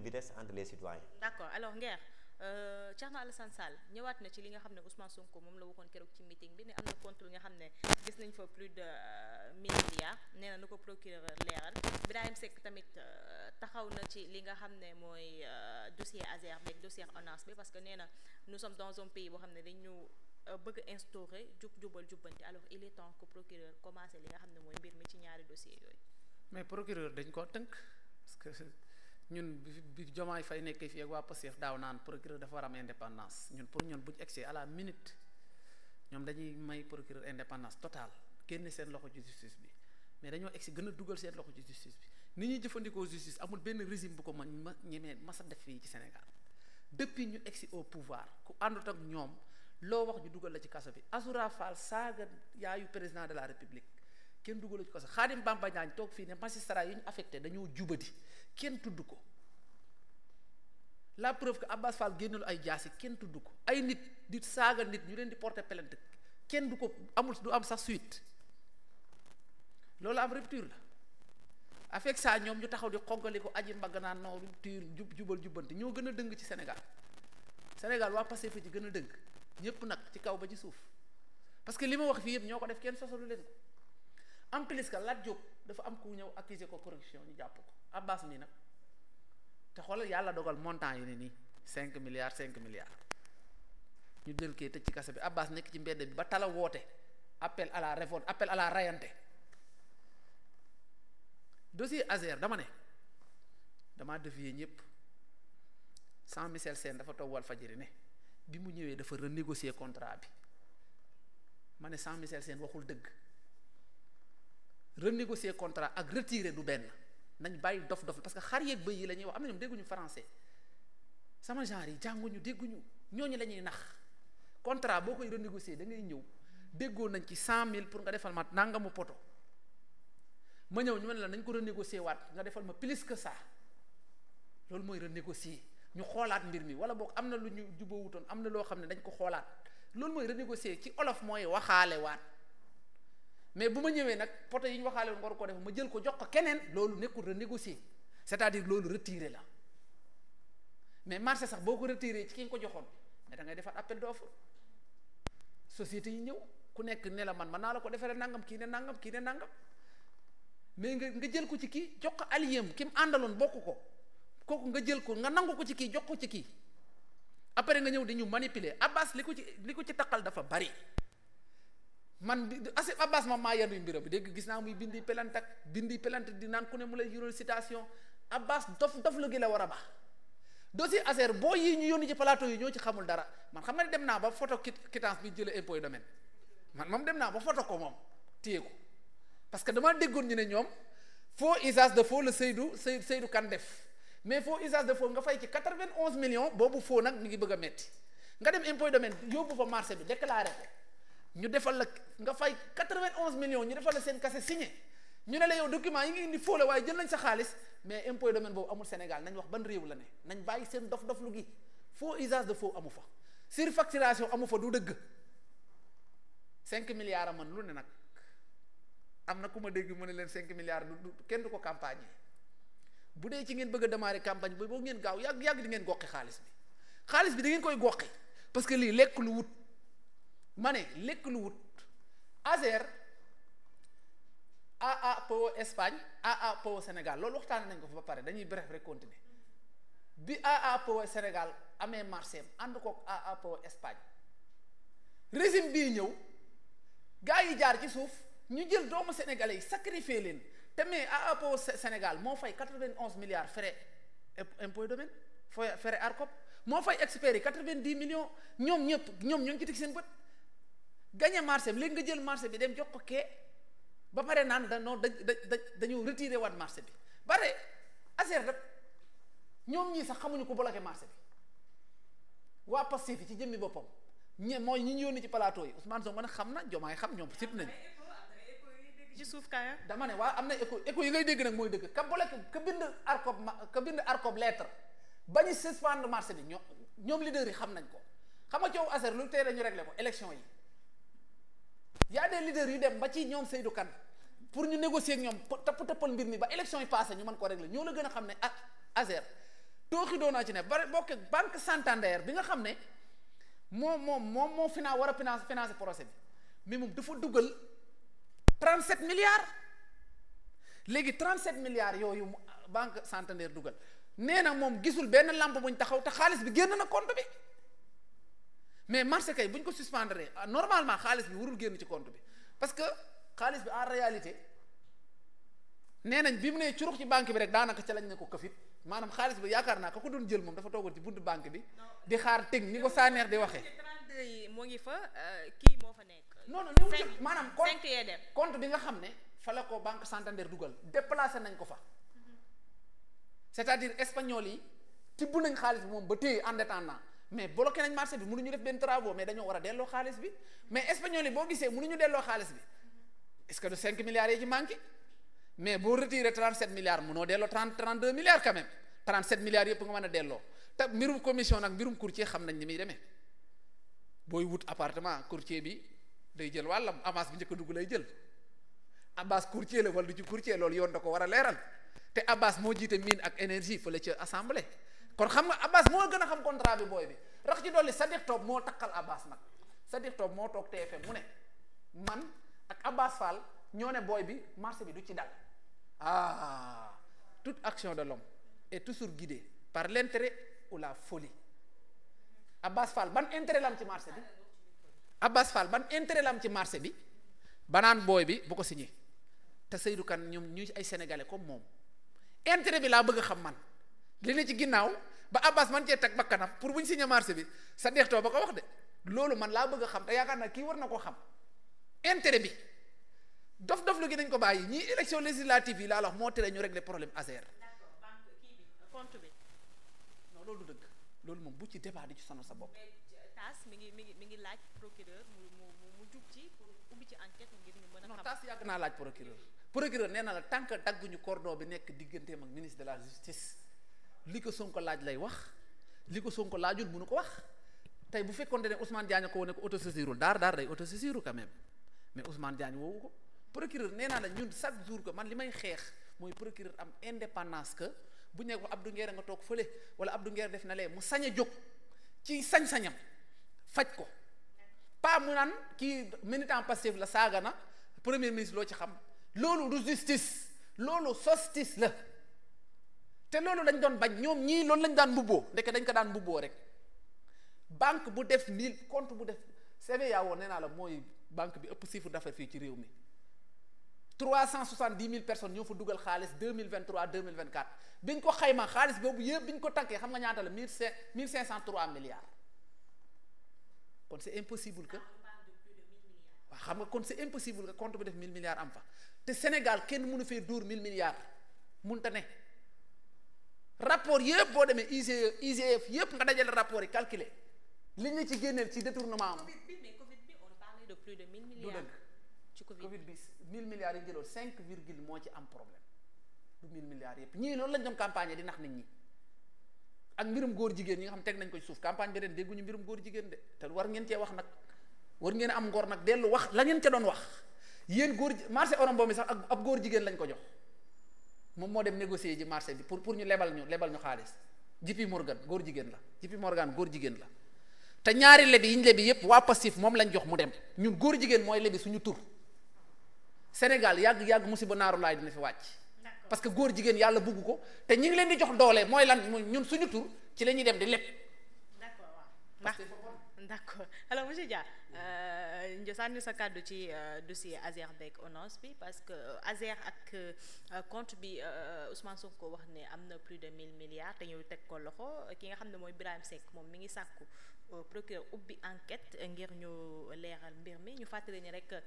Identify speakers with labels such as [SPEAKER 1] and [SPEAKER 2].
[SPEAKER 1] de vitesse entre les citoyens. d'accord alors Nguer euh, Thierno Alassane Sall ñëwaat na ci li nga xam ne Ousmane Sonko moom la waxoon keroog ci meeting bi ne am na compte nga xam ne gis nañ fa plus de euh, mille milliards nee nu ko procureur leeral Birahim Seck tamit euh, taxaw na ci li nga xam ne mooy dossier Azer bi dossier ONAS bi parce que nee na nous sommes dans pays boo xam ne dañu bëgg instaurer jub jubal jubbanti alors il est temps que procureur commencé li nga xam ne mooy mbir mi ci ñaari dossier yooyu. mais procureur dañ ñun bi jomaay fay nekkee fii ak waa Pastef daaw naan procureur dafa war am indépendance ñun pour ñun buñ ñu egsee à minute ñoom dañuy may procureur indépendance totale génne seen loxo ci justice bi mais dañoo egsi gën a dugal seen loxo ci justice bi ni ñuy jëfandikoo justice amul benn régime bu ko ma ma ñemee masa def fii ci Sénégal depuis ñu egsi au pouvoir ku àndut ak ñoom loo wax ñu dugal la ci kaso bi Azoura Fall saaga yaayu président de la République kenn dugalu ci kaso Xaadim Bamba Ñaañ toog fii ne magistrat yi ñu affecté dañoo jubadi kenn tudd ko la preuve que Abbas Fall génnelu ay jaasi kenn tudd ko ay nit di saaga nit ñu leen di porter plainte kenn du ko amul du am sax suite loolu am rupture la avec ça ñoom ñu taxaw di xoggali ko aji mbagg naan non rupture jub jubal jubbanti ñoo gën a dëng ci senegal Sénégal waa Pastef ci gën a dëng ñépp nag ci kaw ba ci suuf parce que li ma wax fii yëpp ñoo ko def kenn sosalu leen en plus que Lat Diop dafa am ku ñëw accuser ko corruption ñu jàpp ko Abbas mi nag te xoolal yàlla dogal montant yi ne nii cinq milliards cinq milliards ñu jël kee tëj ci kase bi Abbas nekk ci mbedd bi ba tala woote appel à la révolte appel à la rayante dossier Azer dama ne damaa défier ñëpp sans Michel Sène dafa toog Walfadjri ne bi mu ñëwee dafa renégocier contrat bi ma ne sans Michel Sène waxul dëgg renégocier contrat ak retirer du benn nañ bàyyi dof-dof parce que xar yeeg bëy yi la ñuy wax am na ñoom dégguñu français sama genre yi jànguñu dégguñu ñooñu la ñuy nax contrat boo koy renégocier da ngay ñëw déggoo nañ ci cent mille pour nga defal ma nangamu poto ma ñëw ñu ne la nañ ko renégocier waat nga defal ma plus que ça loolu mooy renégocier ñu xoolaat mbir mi wala boog am na lu ñu jubóowutoon am na loo xam ne dañ ko xoolaat loolu mooy renégocier ci olof mooy waxaale mais bu ma ñëwee nag poto yi ñu waxaale woon war ko def ma jël ko jox ko keneen loolu nekkul renégocier c'est-à-dire loolu retiré la mais marché sax boo ko retiré ci ki ko joxoon mais da ngay defaat appel d'offre société yi ñëw ku nekk ne la man man naa la ko defaree nangam kii ne nangam kii ne nangam mais nga nga jël ko ci kii jox ko alliéem ki mu àndaloon bokk ko kooku nga jël ko nga nangu ko ci kii jox ko ci kii après nga ñëw di ñu manipuler Abbas li ko ci li ko ci taqal dafa bari. man bi Asif Abbas moom maa yendu mbiram bi dégg gis naa muy bindi pelante ak bindi pelante di naan ku ne mu lay yónnee citation Abbas dof dof la gi la war a baax dossier Aser boo yi ñu yoon ci palaato yi ñoo ci xamul dara man xam nga dem naa ba photo quittance bi jëlee impôt domaine man moom dem naa ba photo ko moom téye ko parce que dama déggoon ñu ne ñoom foo usage de foo la Seydou Seydou Seydou kan def mais faux usage de faux nga fay ci quatre-vingt-onze boobu faux nag mi ngi bëgg a metti nga dem impôt domaine yóbbu fa marché bi déclaré ko. ñu defal la nga fay 91 millions ñu defal seen kase signé ñu ne la yow document yi ngi indi fóole waaye jël nañ sa xaalis mais impôt domaine boobu amul Sénégal nañ wax ban réew la ne nañ bàyyi seen dof-dof lu gi faux usage de foo amu fa surfacturation amu fa du dëgg cinq milliards a man lu ne nag am na ku ma dégg mu ne leen 5 milliards du kenn du ko campagne bu dee ci ngeen bëgg a démarrer campagne bi boo ngeen gaaw yàgg yàgg di ngeen goqi xaalis bi xaalis bi da koy goqi parce que lii lekk lu wut. ma ne lekk lu wut Azer AAPO Espagne AAPO Sénégal loolu waxtaane nañ ko fa ba pare dañuy bref rek continuer bi AAPO Sénégal amee marché am ànd kook AAPO Espagne régime bii ñëw gaa yi jaar ci suuf ñu jël doomu sénégalais yi sacrifié leen te mais AAPO Sénégal moo fay quatre-vingt-onze milliards frais impôt domaine frais ARCOP moo fay experts yi quatre-vingt-dix millions ñoom ñëpp ñoom ñoo ngi ci teg seen bët. gañe marché bi léegi nga jël marché bi dem jox ko kee ba pare naan da non da da dañu retiré waat marché bi bare ASER da ñoom ñii sax xamuñu ko boloke marché bi waa Pastef fi ci jëmmi boppam ñe mooy ñi ñu yónni ci plateau yi Ousmane Sonko mën a xam na Diomaye xam ñoom sib nañu. ci suuf kaaya dama ne waa am na écho écho yi ngay dégg nag mooy dëgg ka bloqué ka bind ARCOP ka bind ARCOP lettre ba ñu suspendre marché bi ñoom ñoom leader yi xam nañ ko xam nga coow ASER lu tey dañu réglé ko élection yi. y a des yu dem ba ci ñoom Seydou kan pour ñu négocier ak ñoom tëpp tëppal mbir mi ba élection yi passé ñu mën ko régler ñoo la gën a xam ne ak ah ASER tooxi doonaa ci ne ba bokk banque Santander bi nga xam ne moom moom moom moo finance war a finance financer procès bi mais moom dafa dugal 37 milliards léegi 37 milliards yooyu banque Santander dugal nee na moom gisul benn lampe bu ñu taxaw te xaalis bi génn na compte bi mais marché kay bu ñu ko suspendre normalement xaalis bi warul génn ci compte bi parce que xaalis bi en réalité nee nañ bi mu nee curux ci banque bi rek daanaka ca lañ ne ko këfit maanaam xaalis bi yaakaar naa ko ko doon jël moom dafa toogoon ci buntu banque bi di xaar teg ni ko saaneer di waxee. moo ngi fa euh, kii moo fa nekk. non non maanaam compte compte bi nga xam ne fa la ko banque Santander dugal déplacé nañ ko fa mm-hmm. c'est-à-dire espagnol yi tibb nañ xaalis bi moom ba téye en attendant mais bloqué nañ marché bi mënuñu def benn travaux mais dañoo war a delloo xaalis bi mais espagnol yi boo gisee mënuñu delloo xaalis bi est-ce que du 5 milliards yi ci manqué mais boo retiré 37 milliards mënoo delloo 30 32 milliards quand même 37 milliards yëpp nga mën a delloo te mbirum commission nag mbirum courtier xam nañ ni muy demee booy wut appartement courtier bi day jël wàllam avance bi njëkk dugg lay jël Abbas courtier la wala du ci courtier yoon da ko war a leeral te Abbas moo jiite mine ak énergie fële ca assemblée. kon xam nga Abbas moo gën a xam contrat bi booy bi rax ci dolli Sadiq Top moo takkal Abbas nag Sadiq Top moo toog TFM mu ne man ak Abbas Fall ñoo ne booy bi marché bi du ci dal ah toute action de l'homme est toujours guidée par l'intérêt ou la folie Abbas Fall ban intérêt la am ci marché bi Abbas Fall ban intérêt la ci marché bi banaan booy bi bu ko signé te Seydou Kane ñoom ñu ay sénégalais comme moom intérêt bi laa bëgg a xam man li ne ci ginnaaw. ba Abbas man cee teg bakkanam pour bu ñu signé marché bi sa deextoo ba ko wax de loolu man laa bëgg xam te yaakaar naa kii war na ko xam intérêt bi dof dof lu nañ ko bàyyi ñii élection législative yi laa la wax moo ñu régler problème ASER. d'accord banque loolu dëgg loolu moom bu ci débat di ci sonal sa bopp. tas mi ngi mi ngi mi ngi laaj procureur ci pour ubbi ci enquête ngir ñu procureur. procureur nee na la tant que dagguñu cordon bi nekk digganteem ak ministre de la justice. li ko Sonko laaj lay wax li ko Sonko laajul mënu ko wax tey bu fekkoon ne Ousmane Diagne ko wane ko autosaisirul daar daar day autosaisiru quand même mais Ousmane Diagne woowu ko procureur nee naa la ñun chaque jour que man li may xeex mooy procureur am indépendance que bu ñu nee ko Abdou Nguer nga toog fële wala Abdou Nguer def na lee mu sañ jóg ci sañ-sañam faj ko pas mu naan kii militant Pastef la saaga na premier ministre loo ci xam loolu du justice loolu sostis la. te loolu lañ doon bañ ñoom ñii loolu lañ daan mbubboo ndeke dañ ko daan mbubboo rek banque bu def mille compte bu def CVA woon nee naa la mooy banque bi ëpp chiffre defar fii ci réew mi trois cent soixante dix mill personnes ñoo fa dugal xaalis deux mille vingt trois deux mille vingt quatre bi ñu ko xayma xaalis boobu yëpp bi ñu ko takkee xam nga ñaata la mille cinq mille cinq cent trois milliards kon c'est impossible que waaw xam nga kon c'est impossible que compte bu def mille milliards am fa te Sénégal kenn mënu fee dóor mille milliards mënta ne. rapport yëpp boo demee IGE IGF e yëpp nga dajale rapport yi calculé li ñu ci génneel ci détournement am. Covid bi mais Covid bi on parlait de plus ci Covid Covid bi 1000 milliards yi jëloo moo ci am problème du 1000 milliards yëpp ñii loolu lañ doon campagne di nax nit ñi ak mbirum góor jigéen ñi nga xam teg nañ ko ci suuf campagne bi ren dégguñu mbirum góor jigéen de te war ngeen cee wax nag war ngeen am ngor nag dellu wax la ngeen cee doon wax yéen góor marché orom boobu sax ak ab góor jigéen lañ ko jox. moom moo dem négocier ji marché bi pour pour ñu lebal ñu lebal ñu xaalis JP Morgan góor jigéen la JP Morgan góor jigéen la te ñaari lebi yi ñu lebi yépp waa passif moom lañ jox mu dem ñun góor jigéen mooy lebi suñu tur Sénégal yàgg yàgg musiba naaru laay dina fi wàcc parce que góor jigéen yàlla bugg ko te ñi ngi leen di jox doole mooy lan ñun suñu tur ci la ñuy dem di leb. d'accord waaw. d'accord alors monsieur Dia ñu euh, sànni sa kàddu ci euh, dossier Azerbaïdjan ONAS bi parce que euh, Azer ak compte bi Ousmane ko wax ne am na plus de mille milliards te ñu teg ko loxo ki nga xam ne mooy Birahim Seck moom mi ngi sàkku procureur ubbi enquête ngir ñu leeral mbir mi ñu fàttali ni rek